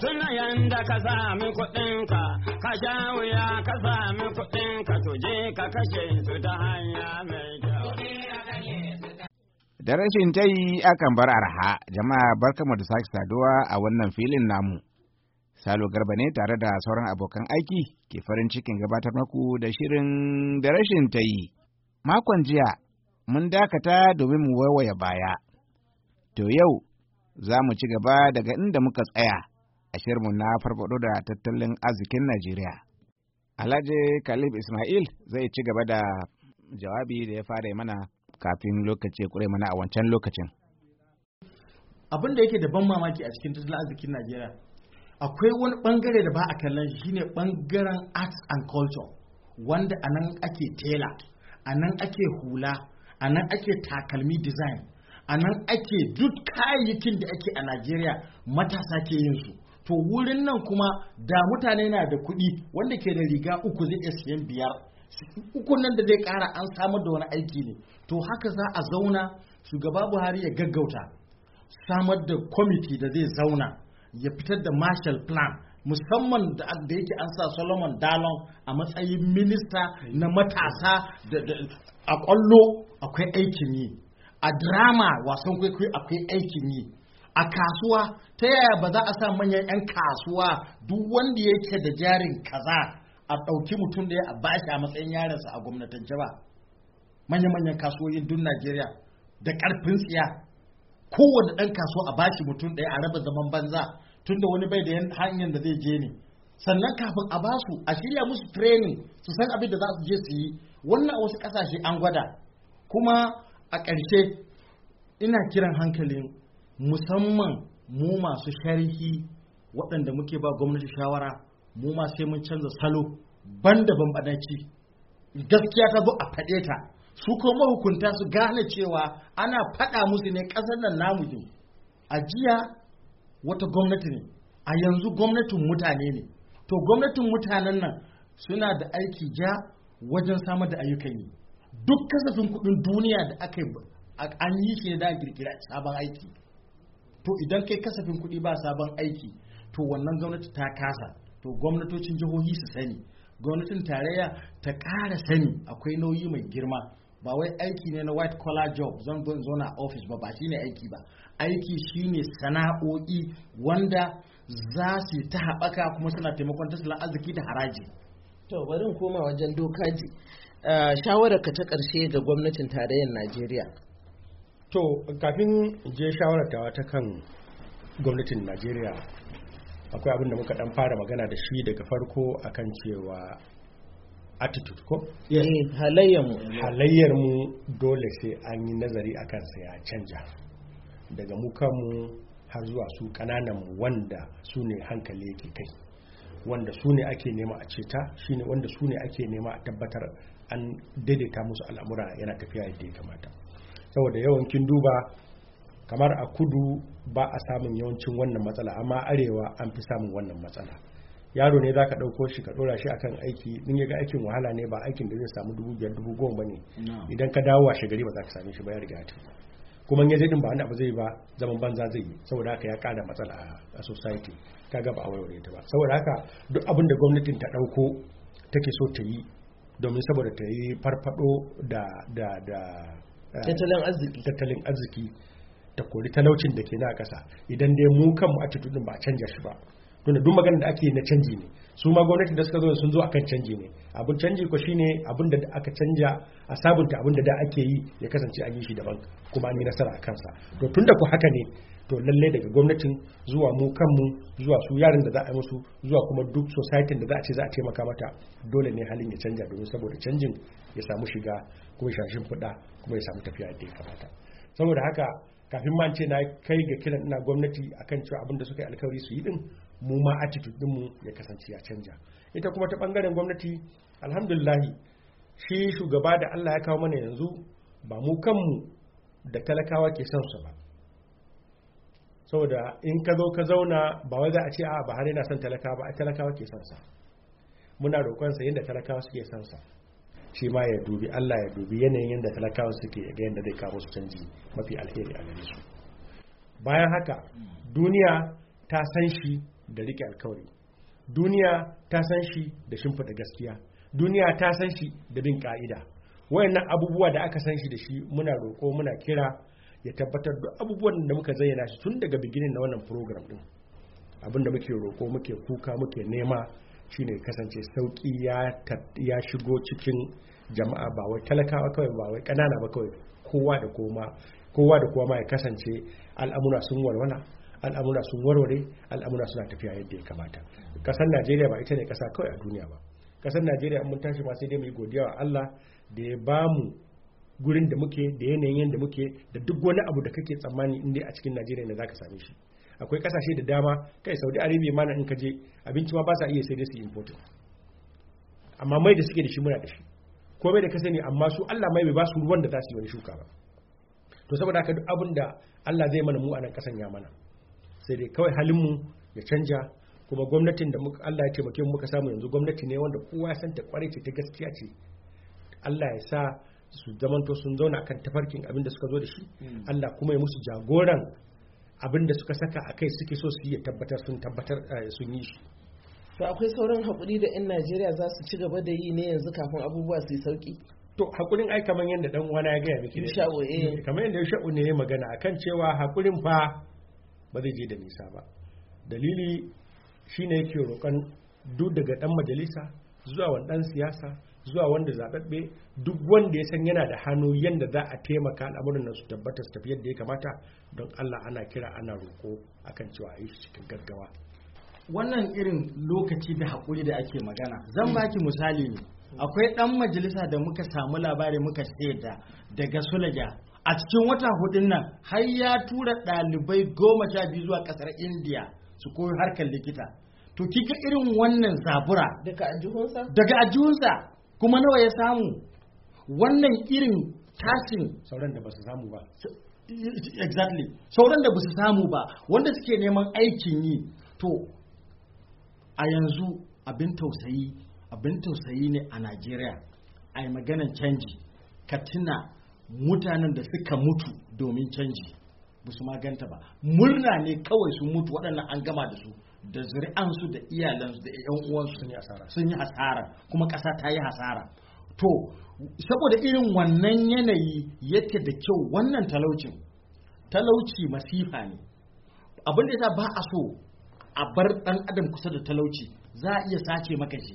tuna yanda ka sami kuɗinka, ka wuya ka sami kuɗinka je ka kashe su ta hanya mai kyau. Da rashin ta yi akan bar arha, jama'a barkamu da sake saduwa a wannan filin namu. Salo Garba ne tare da sauran abokan aiki ke farin cikin gabatar maku da shirin da rashin ta yi. Makon jiya, mun dakata domin mu waiwaya baya. To yau za mu ci gaba daga inda muka tsaya a shirmu na farfado da tattalin arzikin Najeriya. Alhaji Khalif Ismail zai ci gaba da jawabi da ya fara mana kafin lokaci ya kure mana a wancan lokacin. Abin da yake da ban mamaki a cikin tattalin arzikin Najeriya akwai wani bangare da ba a kallon shi ne bangaren arts and culture wanda a nan ake tela, a nan ake hula, a nan ake takalmi design. a nan ake duk kayayyakin da ake a najeriya matasa ke yin su to wurin nan kuma da mutane na da kuɗi wanda ke da riga uku zai iya siyan biyar uku nan da zai ƙara an samar da wani aiki ne to haka za a zauna shugaba buhari ya gaggauta samar da kwamiti da zai zauna ya fitar da marshal plan musamman da yake an sa solomon dalon a matsayin minista na matasa da a kwallo akwai aikin yi a drama wasan kwaikwayo akwai aikin yi a kasuwa ta yaya ba za a sa manyan 'yan kasuwa duk wanda yake da jarin kaza a ɗauki mutum da ya bashi a matsayin yaransa a gwamnatance ba manya-manyan kasuwoyin duk najeriya da ƙarfin tsiya kowane ɗan kasuwa a bashi mutum ɗaya a raba zaman banza tunda wani bai da hanyar da zai je ne sannan kafin a basu a shirya musu training su san abin da za su je su yi wannan a wasu ƙasashe an gwada kuma a ƙarshe ina kiran hankalin musamman mu masu sharhi waɗanda muke ba gwamnati shawara mu ma sai mun canza salo ban da banbanci. gaskiya ta zo a faɗe ta su ko mahukunta su gane cewa ana faɗa musu ne ƙasar nan namu ne a jiya wata gwamnati ne a yanzu gwamnatin mutane ne to gwamnatin mutanen nan suna da aiki ja wajen samar da ayyukan yi duk kasafin kudin duniya da aka yi an yi shi ne da kirkira sabon aiki to idan kai kasafin kudi ba sabon aiki to wannan gwamnati ta kasa to gwamnatocin jihohi su sani gwamnatin tarayya ta ƙara sani akwai nauyi mai girma ba wai aiki ne na white collar job zan zo zauna office ba ba shine aiki ba aiki shine sana'o'i wanda za su ta haɓaka kuma suna taimakon tattalin arziki da haraji to bari koma wajen dokaji shawararka ta ƙarshe ga gwamnatin tarayyar najeriya to kafin je shawararta ta kan gwamnatin najeriya akwai abin da muka ɗan fara magana da shi daga farko akan cewa attitude ko? Yes. Eh, halayyar mu dole sai an yi nazari akan kansa ya canja daga mu kanmu har zuwa su mu wanda su ne hankali yake kai wanda su ne ake nema a ceta shine wanda su ne ake nema a tabbatar an daidaita musu al'amura yana tafiya yadda ya kamata saboda yawan kin duba kamar a kudu ba a samun yawancin wannan matsala amma arewa an fi samun wannan matsala yaro ne zaka dauko shi ka dora shi akan aiki din ya ga aikin wahala ne ba aikin da zai samu dubu biyar dubu goma ne idan ka dawo washe gari ba za ka same shi ba ya riga ta kuma in ya je din ba wani abu zai ba zaman banza zai yi saboda haka ya kada matsala a society kaga ba a wayo ta ba saboda haka duk abin da gwamnatin ta dauko take so ta yi domin saboda ta yi farfado da da da eh, tattalin arziki tattalin arziki ta kori talaucin da ke na ƙasa idan dai mu kanmu attitude ba a canja shi ba tunda duk maganar da ake na canji ne su ma gwamnati da suka zo sun zo akan canji ne abin canji ko shine abin da aka canja a sabunta abin da da ake yi ya kasance a yi shi daban kuma an yi nasara a kansa to tunda ku haka ne to lalle daga gwamnatin zuwa mu kanmu zuwa su yaran da za a musu zuwa kuma duk society da za a ce za a taimaka mata dole ne halin ya canja domin saboda canjin ya samu shiga kuma shashin fuda kuma ya samu tafiya da ya kamata saboda haka kafin ma ce na kai ga kiran ina gwamnati akan cewa abin da suka yi alkawari su yi din mu ma attitude din mu ya kasance ya canja ita kuma ta bangaren gwamnati alhamdulillahi shi shugaba da Allah ya kawo mana yanzu ba mu kanmu da talakawa ke son sa ba saboda in ka zo ka zauna ba wai za a ce a ba har yana son talakawa ba a talakawa ke son sa muna roƙon sa yadda talakawa suke son sa shi ma ya dubi Allah ya dubi yanayin yadda talakawa suke ya ga yadda zai kawo su canji mafi alheri a gare su bayan haka duniya ta san shi da rike alkawari duniya ta san shi da shimfiɗa gaskiya duniya ta san shi da bin ka'ida wayannan abubuwa da aka san shi da shi muna roƙo muna kira ya tabbatar da abubuwan da muka zayyana shi tun daga beginning na wannan program din abin da muke roƙo muke kuka muke nema shine kasance sauki ya shigo cikin jama'a ba wai talakawa kawai ba wai kanana ba kawai kowa da koma kowa da kowa ya kasance al'amura sun warwana al'amura sun warware al'amura suna tafiya yadda ya kamata kasar najeriya ba ita ne kasa kawai a duniya ba kasar najeriya mun tashi ma sai dai mu godiya wa allah da ya ba mu gurin da muke da yanayin yadda muke da duk wani abu da kake tsammani inda a cikin najeriya ne ka same shi akwai kasashe da dama kai saudi arabia mana in ka je abinci ma ba sa iya sai dai su import amma mai da suke da shi muna da shi ko mai da ka sani amma su Allah mai bai ba su ruwan da za su yi wani shuka ba to saboda haka duk abin da Allah zai mana mu a nan kasan ya mana sai dai kawai halin mu ya canja kuma gwamnatin da Allah ya taimake mu muka samu yanzu gwamnati ne wanda kowa ya san ta kware ce ta gaskiya ce Allah ya sa su zamanto sun zauna kan tafarkin abin da suka zo da shi hmm. Allah kuma ya musu jagoran abin da suka saka a kai suke so su yi tabbatar sun tabbatar eh, sun yi shi to akwai sauran hakuri da 'yan najeriya za su ci gaba da yi ne yanzu kafin abubuwa su yi sauki to hakurin ai kamar yadda dan uwana ya gaya miki eh. mm, kamar yadda sha'u ne ya magana akan cewa hakurin fa ba zai je da nisa ba dalili shine yake roƙon duk daga dan majalisa zuwa wani dan siyasa zuwa wanda zaɓaɓɓe duk wanda ya san yana da hannu yadda za a taimaka al'amuran nan su tabbata su tafi yadda ya kamata don Allah ana kira ana roƙo akan cewa a yi shi cikin gaggawa wannan irin lokaci da haƙuri da ake magana zan baki misali ne akwai ɗan majalisa da muka samu labari muka da daga sulaja a cikin wata hudun nan har ya tura ɗalibai goma sha biyu zuwa ƙasar indiya su koyi harkar likita to kika irin wannan zabura daga ajihunsa kuma nawa ya samu wannan irin tashin sauran da ba su samu ba exactly sauran da ba su samu ba wanda suke neman aikin yi to a yanzu abin tausayi abin tausayi ne a najeriya a yi maganan canji ka tuna mutanen da suka mutu domin canji ba su maganta ba murna ne kawai sun mutu waɗannan an gama da su da zuri'ansu da iyalansu da yan uwansu sun yi hasara kuma ƙasa ta yi hasara to saboda irin wannan yanayi yake da kyau wannan talaucin talauci masifa ne abin da ya ba a so a bar ɗan adam kusa da talauci za a iya sace maka shi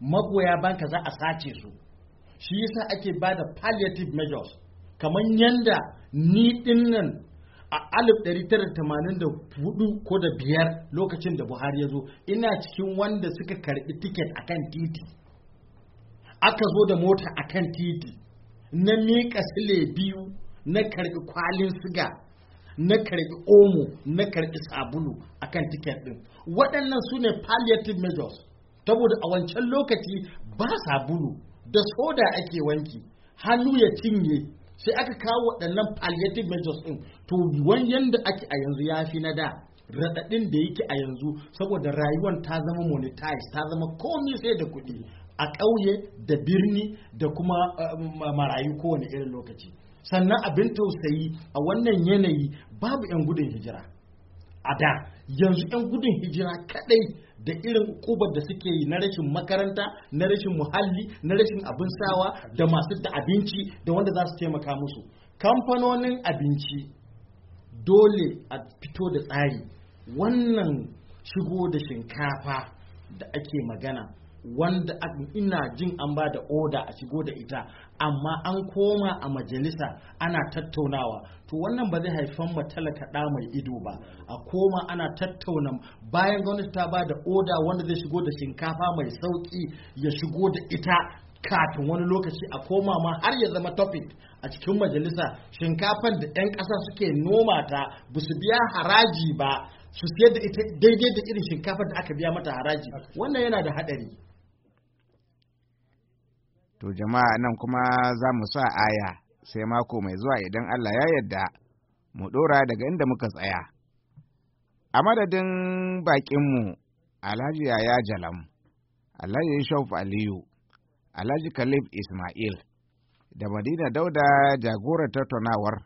magoya banka za a sace su shi yasa ake ba da palliative measures kamar yanda ni ɗin nan a 1984 ko da biyar lokacin da buhari ya zo ina cikin wanda suka karbi tiket a kan titi aka zo da mota a kan titi na miƙa sile biyu na karbi kwalin siga na karbi omo na karbi sabulu a kan tiket din waɗannan su ne palliative measures saboda a wancan lokaci ba sabulu da soda ake wanki hannu ya cinye sai aka kawo waɗannan palliative measures in, to wani yanda ake a yanzu ya fi na da raɗaɗin da yake a yanzu saboda rayuwar ta zama monetized ta zama komi sai da kuɗi a ƙauye da birni da kuma um, um, marayu kowane irin lokaci sannan abin tausayi a wannan yanayi babu 'yan gudun hijira a da yanzu 'yan gudun hijira kaɗai da irin kubar da suke yi na rashin makaranta na rashin muhalli na rashin abin sawa da masu da abinci da wanda za su taimaka musu kamfanonin abinci dole a fito da tsari wannan shigo da shinkafa da ake magana wanda ina jin an ba da oda a shigo da ita amma an koma a majalisa ana tattaunawa to wannan ba zai haifan matalaka ɗa mai ido ba a koma ana tattauna bayan gwamnati ta ba da oda wanda zai shigo da shinkafa mai sauki ya shigo da ita kafin wani lokaci a koma ma har ya zama topic a cikin majalisa shinkafan da 'yan ƙasa suke noma ta ba su biya haraji ba su siyar da ita daidai da irin shinkafar da aka biya mata haraji wannan yana da haɗari To jama'a nan kuma za mu sa aya sai mako mai zuwa idan Allah ya yarda mu ɗora daga inda muka tsaya. A madadin baƙinmu Alhaji Yaya Jalam, Alhaji Shauf Aliyu, Alhaji Khalif Ismail da Madina Dauda jagorar tattaunawar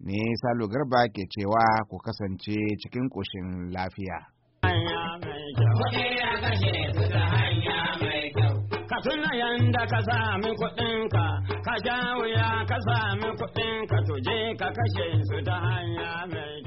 ne Salo Garba ke cewa ku kasance cikin ƙoshin lafiya. tuna yanda ka sami kuɗinka, ka sha wuya ka sami kuɗinka, tuje ka kashe su ta hanya mai